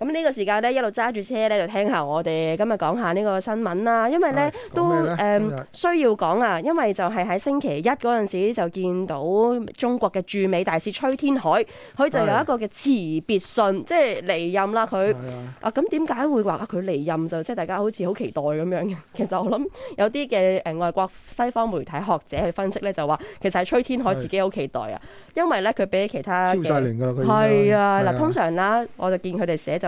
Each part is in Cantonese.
咁呢個時間咧，一路揸住車咧，就聽下我哋今日講下呢個新聞啦。因為咧都誒需要講啊，因為就係喺星期一嗰陣時就見到中國嘅駐美大使崔天凱，佢就有一個嘅辭別信，即係離任啦。佢啊咁點解會話佢離任，就即係大家好似好期待咁樣嘅？其實我諗有啲嘅誒外國西方媒體學者去分析咧，就話其實係崔天凱自己好期待啊，因為咧佢俾其他係啊嗱，通常啦，我就見佢哋寫就。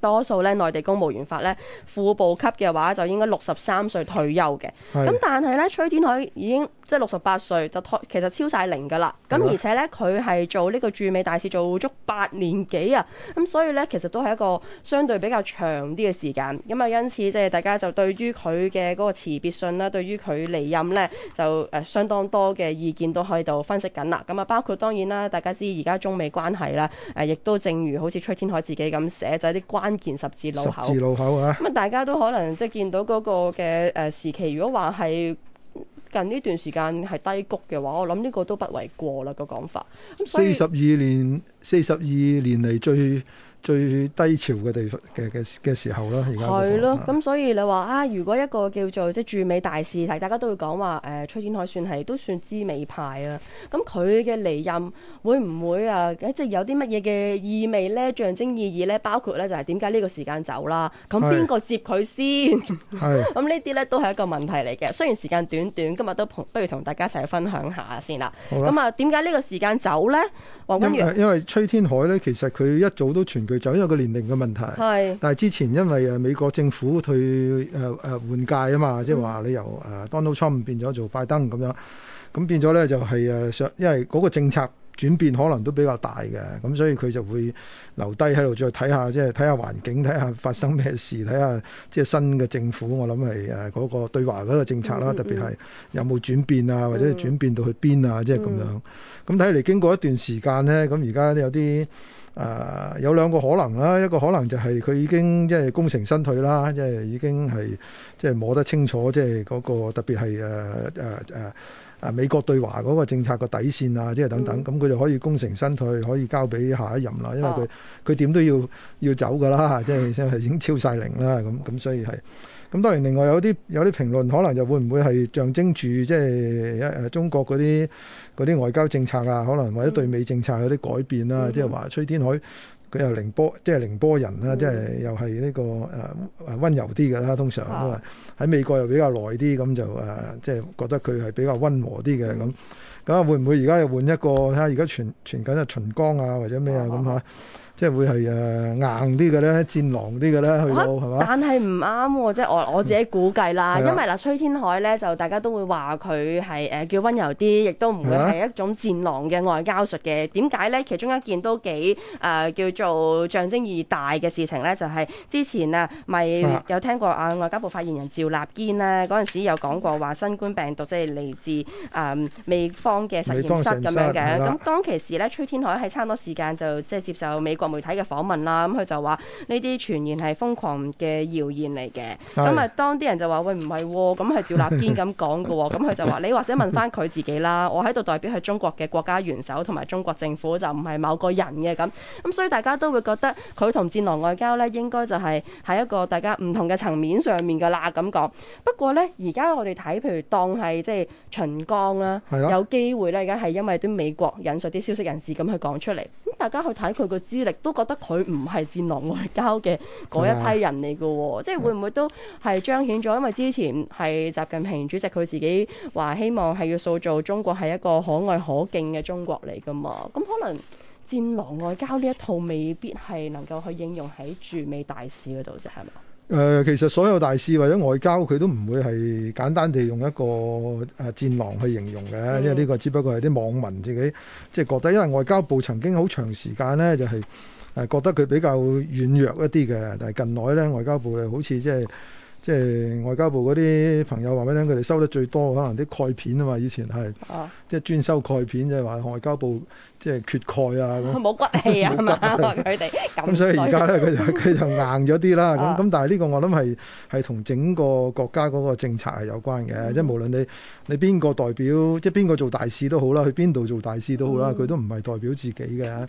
多數咧內地公務員法咧副部級嘅話就應該六十三歲退休嘅，咁是但係咧崔天凱已經即係六十八歲就拖，其實超晒齡㗎啦。咁的而且咧佢係做呢個駐美大使做足八年幾啊，咁所以咧其實都係一個相對比較長啲嘅時間。咁啊，因此即係大家就對於佢嘅嗰個辭別信啦，對於佢離任咧就誒相當多嘅意見都喺度分析緊啦。咁啊，包括當然啦，大家知而家中美關係啦，誒亦都正如好似崔天凱自己咁寫就係啲關。關鍵十字路口，十字路口啊！咁大家都可能即係見到嗰個嘅誒時期，如果話係近呢段時間係低谷嘅話，我諗呢個都不為過啦個講法。四十二年，四十二年嚟最。最低潮嘅地方嘅嘅嘅時候啦，而家係咯，咁所以你話啊，如果一個叫做即係駐美大使，大家都會講話誒，崔、呃、天凱算係都算知美派啊。咁佢嘅離任會唔會啊？即係有啲乜嘢嘅意味呢？象徵意義呢？包括呢就係點解呢個時間走啦？咁邊個接佢先？係咁 呢啲呢都係一個問題嚟嘅。雖然時間短短，今日都不如同大家一齊分享下先啦。咁的啊，點解呢個時間走呢？因誒，因為崔天海咧，其實佢一早都全句就因為個年齡嘅問題。係是。但係之前因為誒美國政府佢誒誒換屆啊嘛，即係話你由誒 Donald Trump 變咗做拜登咁樣，咁變咗咧就係誒上，因為嗰個政策。轉變可能都比較大嘅，咁所以佢就會留低喺度，再睇下即係睇下環境，睇下發生咩事，睇下即係新嘅政府，我諗係誒嗰個對華嗰個政策啦，特別係有冇轉變啊，或者轉變到去邊啊，即係咁樣。咁睇嚟經過一段時間呢，咁而家有啲誒、呃、有兩個可能啦，啊，一個可能就係佢已經即係、即係、功成身退啦，即、就、係、是、已經係即係摸得清楚，即係嗰個特別係誒誒誒。呃呃啊！美國對華嗰個政策個底線啊，即係等等，咁佢，嗯嗯，就可以功成身退，可以交俾下一任啦。因為佢佢點都要要走㗎啦，即係已經超晒零啦。咁咁所以係咁。當然另外有啲有啲評論可能就會唔會係象徵住即係中國嗰啲嗰啲外交政策啊，可能或者對美政策有啲改變啦。即係話崔天凱。佢又寧波，即係寧波人啦，嗯、即係又係呢、這個誒誒溫柔啲嘅啦，通常都係啊喺美國又比較耐啲，咁就誒、呃、即係覺得佢係比較溫和啲嘅咁。咁、嗯、會唔會而家又換一個？睇下而家傳傳緊係秦剛啊，或者咩啊咁嚇？樣即係會係誒硬啲嘅咧，戰狼啲嘅咧，佢有係嘛？但係唔啱，即係我我自己估計啦。因為嗱，崔天凱咧就大家都會話佢係誒叫温柔啲，亦都唔會係一種戰狼嘅外交術嘅。點解咧？其中一件都幾誒叫做象徵意義大嘅事情咧，就係之前啊，咪有聽過啊外交部發言人趙立堅咧陣時有講過話，新冠病毒即係嚟自，誒美方嘅實驗室咁樣嘅。咁當其時咧，崔天凱喺差唔多時間就即係接受美國媒體嘅訪問啦，咁、嗯、佢就話呢啲傳言係瘋狂嘅謠言嚟嘅。咁啊是，當啲人就話喂，唔係喎，咁係趙立堅咁講嘅喎，咁佢 就話你或者問翻佢自己啦，我喺度代表係中國嘅國家元首同埋中國政府，就唔係某個人嘅咁。咁所以大家都會覺得佢同戰狼外交呢，應該就係喺一個大家唔同嘅層面上面㗎喇。咁講不過呢，而家我哋睇譬如當係即係秦剛啦，的有機會呢，而家係因為啲美國引述啲消息人士咁去講出嚟，咁大家去睇佢個資歷。都覺得佢唔係戰狼外交嘅嗰一批人嚟嘅喎，吧即係會唔會都係彰顯咗？因為之前係習近平主席佢自己話希望係要塑造中國係一個可愛可敬嘅中國嚟㗎嘛，咁可能戰狼外交呢一套未必係能夠去應用喺駐美大使嗰度啫，係咪？誒、呃，其實所有大使或者外交，佢都唔會係簡單地用一個誒戰狼去形容嘅，mm hmm. 因為呢個只不過係啲網民自己即係、就是、覺得，因為外交部曾經好長時間呢，就係、是、誒覺得佢比較軟弱一啲嘅，但係近來呢，外交部好似即係。即係外交部嗰啲朋友話俾你聽，佢哋收得最多可能啲鈣片啊嘛，以前係，即係專收鈣片，即係話外交部即係缺鈣啊，冇骨氣啊嘛，佢哋咁所以而家咧佢就佢就硬咗啲啦。咁咁但係呢個我諗係係同整個國家嗰個政策係有關嘅。即係無論你你邊個代表，即係邊個做大使都好啦，去邊度做大使都好啦，佢都唔係代表自己嘅，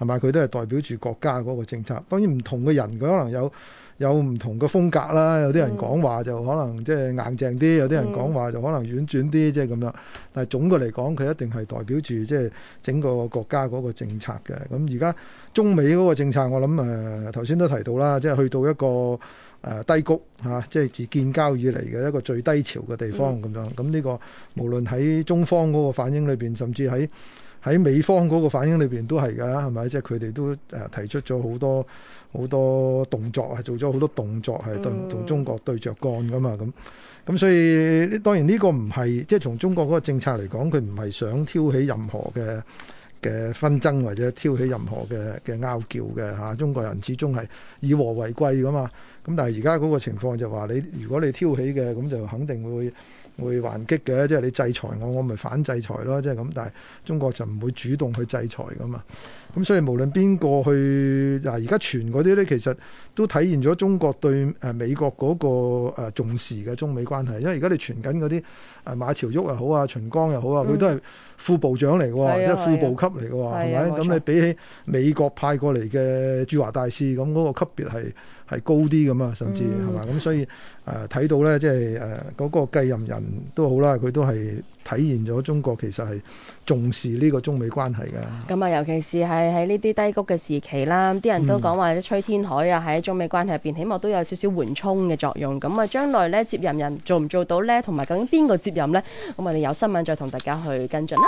係咪？佢都係代表住國家嗰個政策。當然唔同嘅人佢可能有有唔同嘅風格啦，有啲人。講話就可能即係硬淨啲，有啲人講話就可能婉轉啲，即係咁樣。但係總嘅嚟講，佢一定係代表住即係整個國家嗰個政策嘅。咁而家中美嗰個政策，我諗誒頭先都提到啦，即係去到一個誒低谷嚇，即係自建交以嚟嘅一個最低潮嘅地方咁樣，嗯。咁呢個無論喺中方嗰個反應裏邊，甚至喺喺美方嗰個反應裏邊都係㗎，係咪？即係佢哋都誒提出咗好多好多動作，係做咗好多動作，係對同中國對着幹㗎嘛。咁咁所以當然呢個唔係，即係從中國嗰個政策嚟講，佢唔係想挑起任何嘅嘅紛爭或者挑起任何嘅嘅拗撬嘅吓，中國人始終係以和為貴噶嘛。咁但係而家嗰個情況就話你，如果你挑起嘅，咁就肯定會會還擊嘅，即、就、係、是、你制裁我，我咪反制裁咯，即係咁。但係中國就唔會主動去制裁噶嘛。咁、啊、所以無論邊個去嗱，而、啊、家傳嗰啲咧，其實都體現咗中國對誒美國嗰個重視嘅中美關係。因為而家你傳緊嗰啲誒馬朝旭又好啊，秦剛又好啊，佢都係副部長嚟嘅喎，即係、嗯、副部級。嚟嘅係咪？咁你錯比起美國派過嚟嘅駐華大使，咁嗰個級別係高啲咁啊，甚至係嘛？咁、嗯、所以誒睇、呃、到咧，即係誒嗰個繼任人都好啦，佢都係體現咗中國其實係重視呢個中美關係嘅。咁啊、嗯，尤其是係喺呢啲低谷嘅時期啦，啲人都講話，啲崔天凱啊喺中美關係入邊，起碼都有少少緩衝嘅作用。咁啊，將來咧接任人做唔做到咧，同埋究竟邊個接任咧？咁啊，我哋有新聞再同大家去跟進啦。